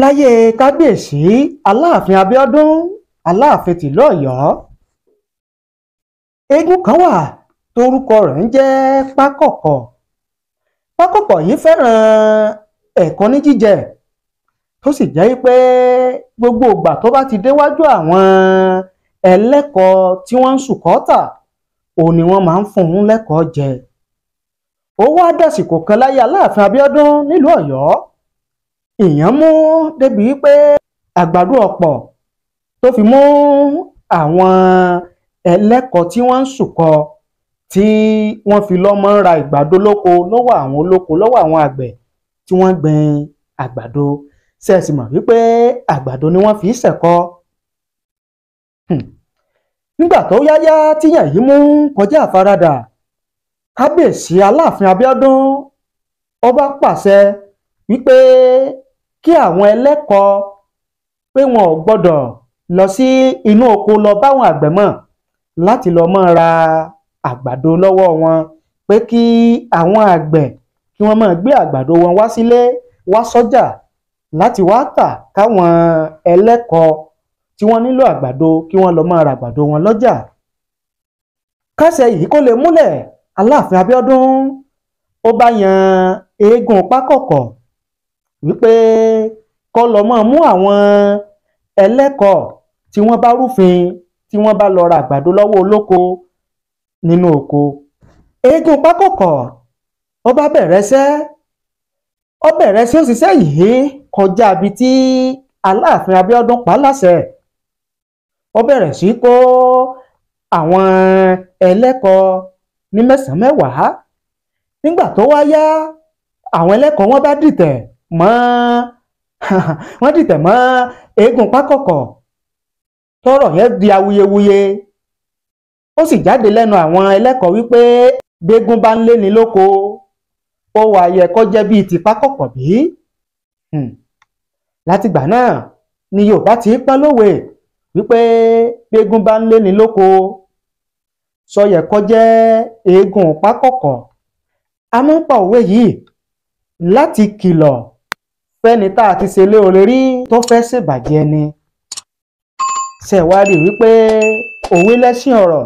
láyé kábíyèsí aláàfin abíọ́dún aláàfin tìlú Ọ̀yọ́ eégún kan wà torúkọ rẹ̀ ń jẹ́ pákọ̀kọ̀ pákọ̀kọ̀ yìí fẹ́ràn ẹ̀kọ́ ní jíjẹ tó sì jẹ́ pé gbogbo ìgbà tó bá ti déwájú àwọn ẹlẹ́kọ̀ọ́ tí wọ́n ń sùkọ́tà òun ni wọ́n máa ń fún un lẹ́kọ̀ọ́ jẹ ó wá dàsìkò kan láyé aláàfin abíọ́dún nílùú Ọ̀yọ́ ìyàn mú débìí pé àgbàdo ọ̀pọ̀ tó fi mú àwọn ẹlẹ́kọ̀ọ́ tí wọ́n ń sùkọ tí wọ́n fi lọ́mọ ń ra ìgbàdo lóko lọ́wọ́ àwọn olóko lọ́wọ́ àwọn àgbẹ̀ tí wọ́n gbin àgbàdo ṣé ẹ sì mọ̀ wípé àgbàdo ni wọ́n fi ṣẹ̀kọ. Hmm. nígbà tó yáyá tíyàn yìí mú kọjá àfaradà kábíyèsí aláàfin Abíọ́dún ọba pàṣẹ wípé kí àwọn ẹlẹ́kọ̀ọ́ pé wọn ò gbọ́dọ̀ lọ sí inú oko lọ báwọn àgbẹ̀ mọ̀ láti lọ mọ́ ra àgbàdo lọ́wọ́ wọn pé kí àwọn àgbẹ̀ kí wọ́n máa gbé àgbàdo wọn wá sílé wá sọ́jà láti wá tà káwọn ẹlẹ́kọ̀ọ́ tí wọ́n nílò àgbàdo kí wọ́n lọ máa ra àgbàdo wọn lọ́jà kásẹ̀ yìí kó lè múlẹ̀ Aláàfin Abíọ́dún ó bá yan eégún pákọ̀kọ̀ wípé kọ́ lọ mọ́ mú àwọn ẹlẹ́kọ̀ọ́ tí wọ́n bá rúfin tí wọ́n bá lọ ra àgbàdo lọ́wọ́ olóko nínú oko eégún pákọ̀kọ̀ ó bá bẹ̀rẹ̀ sẹ́ ó bẹ̀rẹ̀ sí òṣìṣẹ́ yìí kọjá ibi tí aláàfin Abíọ́dún pa láṣẹ ó bẹ̀rẹ̀ sí kó àwọn ẹlẹ́kọ̀ọ́ ní mẹ́sàn-án mẹ́wàá nígbà tó wá àwọn ẹlẹ́kọ̀ọ́ wọn bá dìtẹ̀ mọ́ wọ́n dìtẹ̀ mọ́ eégún pákọ̀kọ̀ tọrọ yẹn di awuyewuye ó sì jáde lẹ́nu àwọn ẹlẹ́kọ̀ọ́ wípé gbégún bá ń lé ni lóko ó wà yẹ kó jẹ́ bíi ti pákọ̀kọ̀ bí hmm. látìgbà náà ni Yorùbá ti pẹ́ lówe wípé gbégún bá ń lé ni lóko sọyẹ kó jẹ́ eégún pákọ̀kọ̀ a máa ń pa òwe yìí láti kìlọ̀ fẹ́ni tá a ti ṣe lóore rí tó fẹ́ ṣèbàjẹ́ ni ṣẹ̀wádìí wípé òwe lẹ́sìn ọ̀rọ̀